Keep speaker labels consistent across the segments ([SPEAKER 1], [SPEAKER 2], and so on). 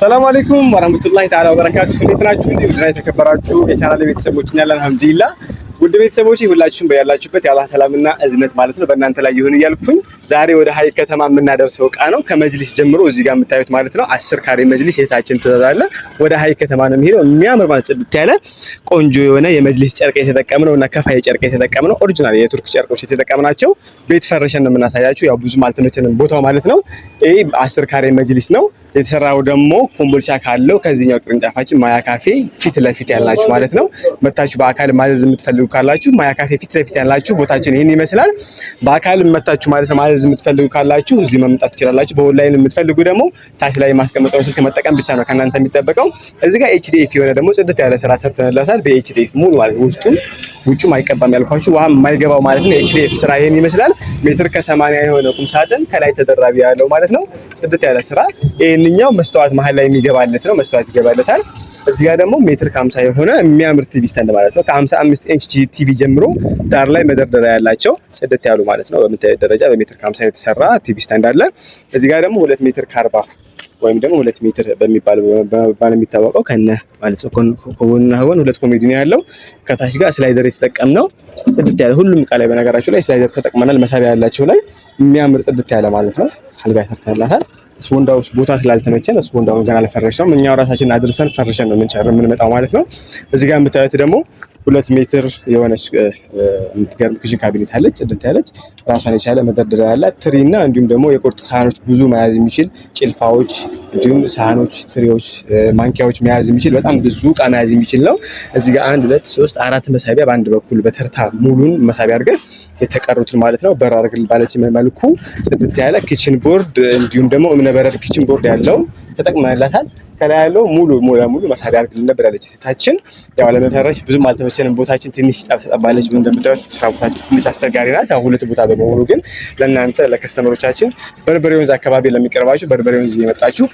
[SPEAKER 1] ሰላም አለይኩም ወራህመቱላሂ ተዓላ ወበረካቱ። እንዴት ናችሁ? እንዴ ውድና የተከበራችሁ የቻናል ቤተሰቦች እኛ አልሐምዱሊላህ። ውድ ቤተሰቦች ሁላችሁም በያላችሁበት የአላህ ሰላምና እዝነት ማለት ነው በእናንተ ላይ ይሁን እያልኩኝ ዛሬ ወደ ሀይቅ ከተማ የምናደርሰው እቃ ነው። ከመጅሊስ ጀምሮ እዚህ ጋር የምታዩት ማለት ነው አስር ካሬ መጅሊስ የታችን ትእዛዝ አለ። ወደ ሀይቅ ከተማ ነው የሚሄደው። የሚያምር ማለት ጽድት ያለ ቆንጆ የሆነ የመጅሊስ ጨርቅ የተጠቀምነው እና ከፋይ ጨርቅ የተጠቀምነው ኦሪጂናል የቱርክ ጨርቆች የተጠቀምናቸው ቤት ፈርሸን የምናሳያችሁ። ያው ብዙም አልተመቸንም ቦታው ማለት ነው ይህ አስር ካሬ መጅሊስ ነው የተሰራው። ደግሞ ኮምቦልቻ ካለው ከዚህኛው ቅርንጫፋችን ማያ ካፌ ፊት ለፊት ያላችሁ ማለት ነው። መታችሁ በአካል ማዘዝ የምትፈልጉ ካላችሁ ማያ ካፌ ፊት ለፊት ያላችሁ ቦታችን ይህን ይመስላል። በአካል መታችሁ ማለት ነው ማዘዝ የምትፈልጉ ካላችሁ እዚህ መምጣት ትችላላችሁ። በኦንላይን የምትፈልጉ ደግሞ ታች ላይ ማስቀመጠው ስልክ መጠቀም ብቻ ነው ከእናንተ የሚጠበቀው። እዚህ ጋር ኤችዲኤፍ የሆነ ደግሞ ጽድት ያለ ስራ ሰርተንለታል። በኤችዲኤፍ ሙሉ ማለት ውስጡም ውጭም አይቀባም ያልኳችሁ ውሃ የማይገባው ማለት ነው። ኤችዲኤፍ ስራ ይህን ይመስላል። ሜትር ከሰማንያ የሆነ ቁም ሳጥን ከላይ ተደራቢ ያለው ማለት ነው። ነው። ጽድት ያለ ስራ። ይህንኛው መስተዋት መሀል ላይ የሚገባለት ነው። መስተዋት ይገባለታል። እዚህ ጋር ደግሞ ሜትር ከ50 የሆነ የሚያምር ቲቪ ስታንድ ማለት ነው። ከ55 ኢንች ቲቪ ጀምሮ ዳር ላይ መደርደሪያ ያላቸው ጽድት ያሉ ማለት ነው። በምታዩት ደረጃ በሜትር ከ50 የተሰራ ቲቪ ስታንድ አለ። እዚህ ጋር ደግሞ ሁለት ሜትር ከአርባ ወይም ደግሞ ሁለት ሜትር በሚባል በመባል የሚታወቀው ከነ ማለት ነው። ከጎንና ከጎን ሁለት ኮሜዲ ነው ያለው። ከታች ጋር ስላይደር የተጠቀምነው ጽድት ያለ ሁሉም እቃ ላይ በነገራቸው ላይ ስላይደር ተጠቅመናል። መሳቢያ ያላቸው ላይ የሚያምር ጽድት ያለ ማለት ነው። አልጋ ሰርተንላታል። እሱ ቦንዳዎች ቦታ ስላልተመቸን እሱ ቦንዳውን ገና አልፈረሸም። እኛው ራሳችን አድርሰን ፈርሸን ነው የምንጨር የምንመጣው ማለት ነው። እዚህ ጋር የምታዩት ደግሞ ሁለት ሜትር የሆነች የምትገርም ክሽን ካቢኔት አለች። ጽድት ያለች ራሷን የቻለ መደርደሪያ ያላት ትሪ እና እንዲሁም ደግሞ የቁርጥ ሳህኖች ብዙ መያዝ የሚችል ጭልፋዎች፣ እንዲሁም ሳህኖች፣ ትሪዎች፣ ማንኪያዎች መያዝ የሚችል በጣም ብዙ እቃ መያዝ የሚችል ነው። እዚህ ጋር አንድ ሁለት ሶስት አራት መሳቢያ በአንድ በኩል በተርታ ሙሉን መሳቢያ አድርገን የተቀሩትን ማለት ነው በራር ባለች መልኩ ጽድት ያለ ኪችን ቦርድ እንዲሁም ደግሞ እምነበረድ ኪችን ቦርድ ያለውን ተጠቅመላታል። ከላይ ያለው ሙሉ ለሙሉ መሳቢያ አድርግልን ነበር ያለች። ታችን ያው ለመፈረሽ ብዙም አልተመቸንም። ቦታችን ትንሽ ጠብጠባለች። እንደምታዩት ስራ ቦታችን ትንሽ አስቸጋሪ ናት። ያው ሁለት ቦታ በመሆኑ ግን ለእናንተ ለከስተመሮቻችን በርበሬ ወንዝ አካባቢ ለሚቀርባችሁ በርበሬ ወንዝ እየመጣችሁ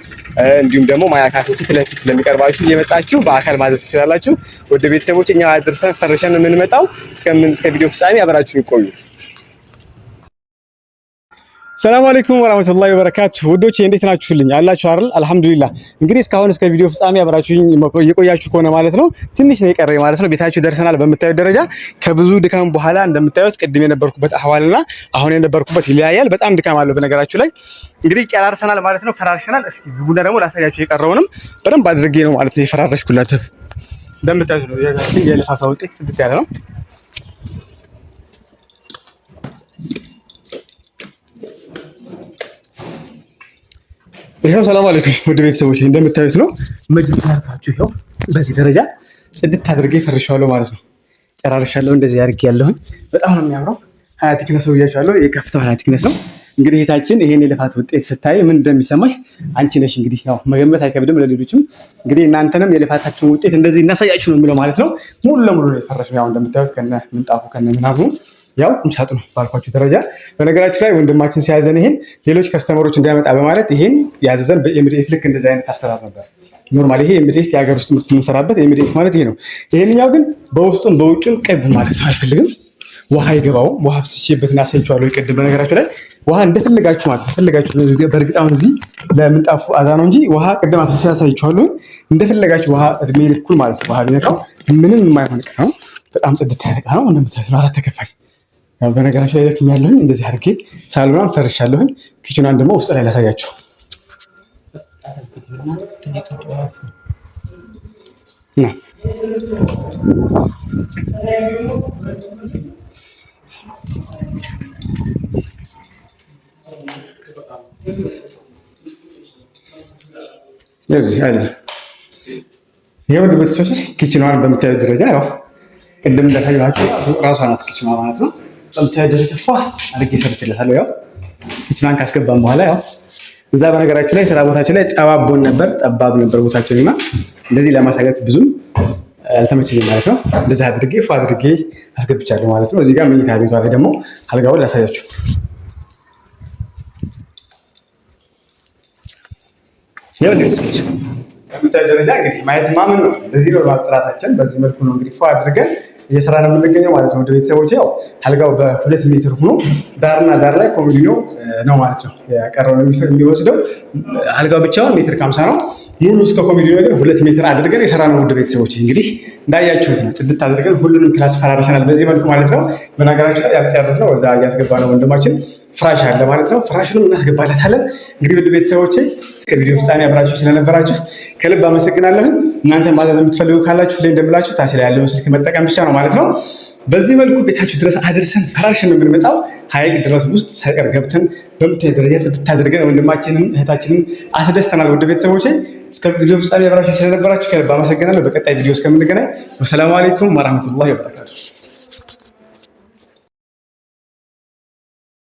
[SPEAKER 1] እንዲሁም ደግሞ ማያ ካፌ ፊት ለፊት ለሚቀርባችሁ እየመጣችሁ በአካል ማዘዝ ትችላላችሁ። ወደ ቤተሰቦች እኛ አድርሰን ፈርሸን የምንመጣው እስከ ቪዲዮ ፍጻሜ አብራችሁ ይቆዩ። ሰላም አለይኩም ወራህመቱላሂ ወበረካቱሁ ውዶቼ እንዴት ናችሁልኝ? አላችሁ አይደል? አልሐምዱሊላህ። እንግዲህ እስካሁን እስከ ቪዲዮ ፍጻሜ አብራችሁኝ የቆያችሁ ከሆነ ማለት ነው ትንሽ ነው የቀረኝ ማለት ነው። ቤታችሁ ደርሰናል። በምታዩት ደረጃ ከብዙ ድካም በኋላ እንደምታዩት ቅድም የነበርኩበት አህዋልና አሁን የነበርኩበት ይለያያል። በጣም ድካም አለው በነገራችሁ ላይ እንግዲህ ጨራርሰናል ማለት ነው፣ ፈራርሸናል። እስኪ ቡና ደግሞ ላሳያችሁ። የቀረውንም በደንብ አድርጌ ነው ማለት ነው የፈራረሽኩላት። እንደምታዩት ነው የለፋፋ ውጤት ያለ ነው። ይኸው ሰላም አለይኩም ውድ ቤተሰቦች፣ እንደምታዩት ነው መግቢታችሁ። ይኸው በዚህ ደረጃ ጽድት አድርጌ ፈርሻለሁ ማለት ነው። ጨራርሻለሁ። እንደዚህ አድርጌ ያለሁኝ በጣም ነው የሚያምረው። ሀያ ቲክነስ ነው ብያችኋለሁ። የከፍተው ሀያ ቲክነስ ነው። እንግዲህ እህታችን ይሄን የልፋት ውጤት ስታይ ምን እንደሚሰማሽ አንቺ ነሽ እንግዲህ ያው መገመት አይከብድም። ለሌሎችም እንግዲህ እናንተንም የልፋታችን ውጤት እንደዚህ እናሳያችሁ ነው የሚለው ማለት ነው። ሙሉ ለሙሉ ነው የፈረሽው ያው እንደምታዩት ከነ ምንጣፉ ከነ ምናምኑ ያው ቁም ሳጥኑ ባልኳቸው ደረጃ በነገራችሁ ላይ ወንድማችን ሲያዘን ይህን ሌሎች ከስተመሮች እንዳያመጣ በማለት ይህን ያዘዘን በኤምዲኤፍ ልክ እንደዚህ አይነት አሰራር ነበር። ኖርማል ይሄ ኤምዲኤፍ የሀገር ውስጥ ምርት የምንሰራበት ኤምዲኤፍ ማለት ይሄ ነው። ይሄንኛው ግን በውስጡን በውጭን ቅብ ማለት ነው አይፈልግም። ውሃ አይገባውም። ውሃ ፍስቼበትን እናሳይቸዋለሁ ይቀድም በነገራችሁ ላይ ውሃ እንደፈለጋችሁ ማለት ፈለጋችሁ። በእርግጥ አሁን እዚህ ለምንጣፉ አዛ ነው እንጂ ውሃ ቅድም አፍስ አሳይቸዋለሁ። እንደፈለጋችሁ ውሃ እድሜ ልኩል ማለት ነው። ውሃ ቢነካው ምንም የማይሆን ዕቃ ነው። በጣም ጽድት ያለ ዕቃ ነው። እንደምታዩት አራት ተከፋች በነገራችን ላይ ደክም ያለሁኝ እንደዚህ አድርጌ ሳሎኗን ፈርሻለሁኝ። ኪችኗን ደግሞ ውስጥ ላይ ላሳያችሁ። የውድ ቤተሰቦች ኪችኗን በምታዩት ደረጃ ያው ቅድም እንዳሳየኋቸው ራሷ ናት ኪችኗ ማለት ነው። ጥልተ ድርጅት ፏ አድርጌ ሰርችለታለሁ። ያው ኪችናን ካስገባም በኋላ ያው እዛ በነገራችን ላይ ስራ ቦታችን ላይ ጠባቦን ነበር፣ ጠባብ ነበር ቦታችን እና እንደዚህ ለማሳገት ብዙም አልተመቸኝም ማለት ነው። እንደዚህ አድርጌ ፏ አድርጌ አስገብቻለሁ ማለት ነው። እዚህ ጋር መኝታ ቤቷ ላይ ደግሞ አልጋውን ላሳያችሁ። ያው ሰዎች ደረጃ እንግዲህ ማየት ማመን ነው። እንደዚህ ነው ማጥራታችን። በዚህ መልኩ ነው እንግዲህ ፏ አድርገን ነው የምንገኘው ማለት ነው። ወደ ቤተሰቦች ያው አልጋው በሁለት ሜትር ሆኖ ዳርና ዳር ላይ ኮሚኒዮ ነው ማለት ነው። ያቀረው ያቀረውን የሚወስደው አልጋው ብቻውን ሜትር ከሀምሳ ነው። ሙሉ እስከ ኮሚኒዮ ግን ሁለት ሜትር አድርገን የሰራ ነው። ወደ ቤተሰቦች እንግዲህ እንዳያችሁት ነው። ጽድት አድርገን ሁሉንም ክላስ ፈራርሰናል በዚህ መልኩ ማለት ነው። በነገራችን ላይ ያልተጨረስነው እዛ እያስገባ ነው ወንድማችን ፍራሽ አለ ማለት ነው። ፍራሹንም እናስገባላታለን። እንግዲህ ውድ ቤተሰቦች እስከ ቪዲዮ ፍጻሜ አብራችሁ ስለነበራችሁ ከልብ አመሰግናለሁ። እናንተ ማዘዝ የምትፈልጉ ካላችሁ ላይ እንደምላችሁ ታች ላይ ያለውን ስልክ መጠቀም ብቻ ነው ማለት ነው። በዚህ መልኩ ቤታችሁ ድረስ አድርሰን ፈራርሽን የምንመጣው ሀይቅ ድረስ ውስጥ ሳይቀር ገብተን በምታይ ደረጃ ጸጥታ አድርገን ወንድማችንን እህታችንን አስደስተናል። ውድ ቤተሰቦች እስከ ቪዲዮ ፍጻሜ አብራችሁ ስለነበራችሁ ከልብ አመሰግናለሁ። በቀጣይ ቪዲዮ እስከምንገናኝ ወሰላሙ አሌይኩም ወራህመቱላሂ ወበረካቱ።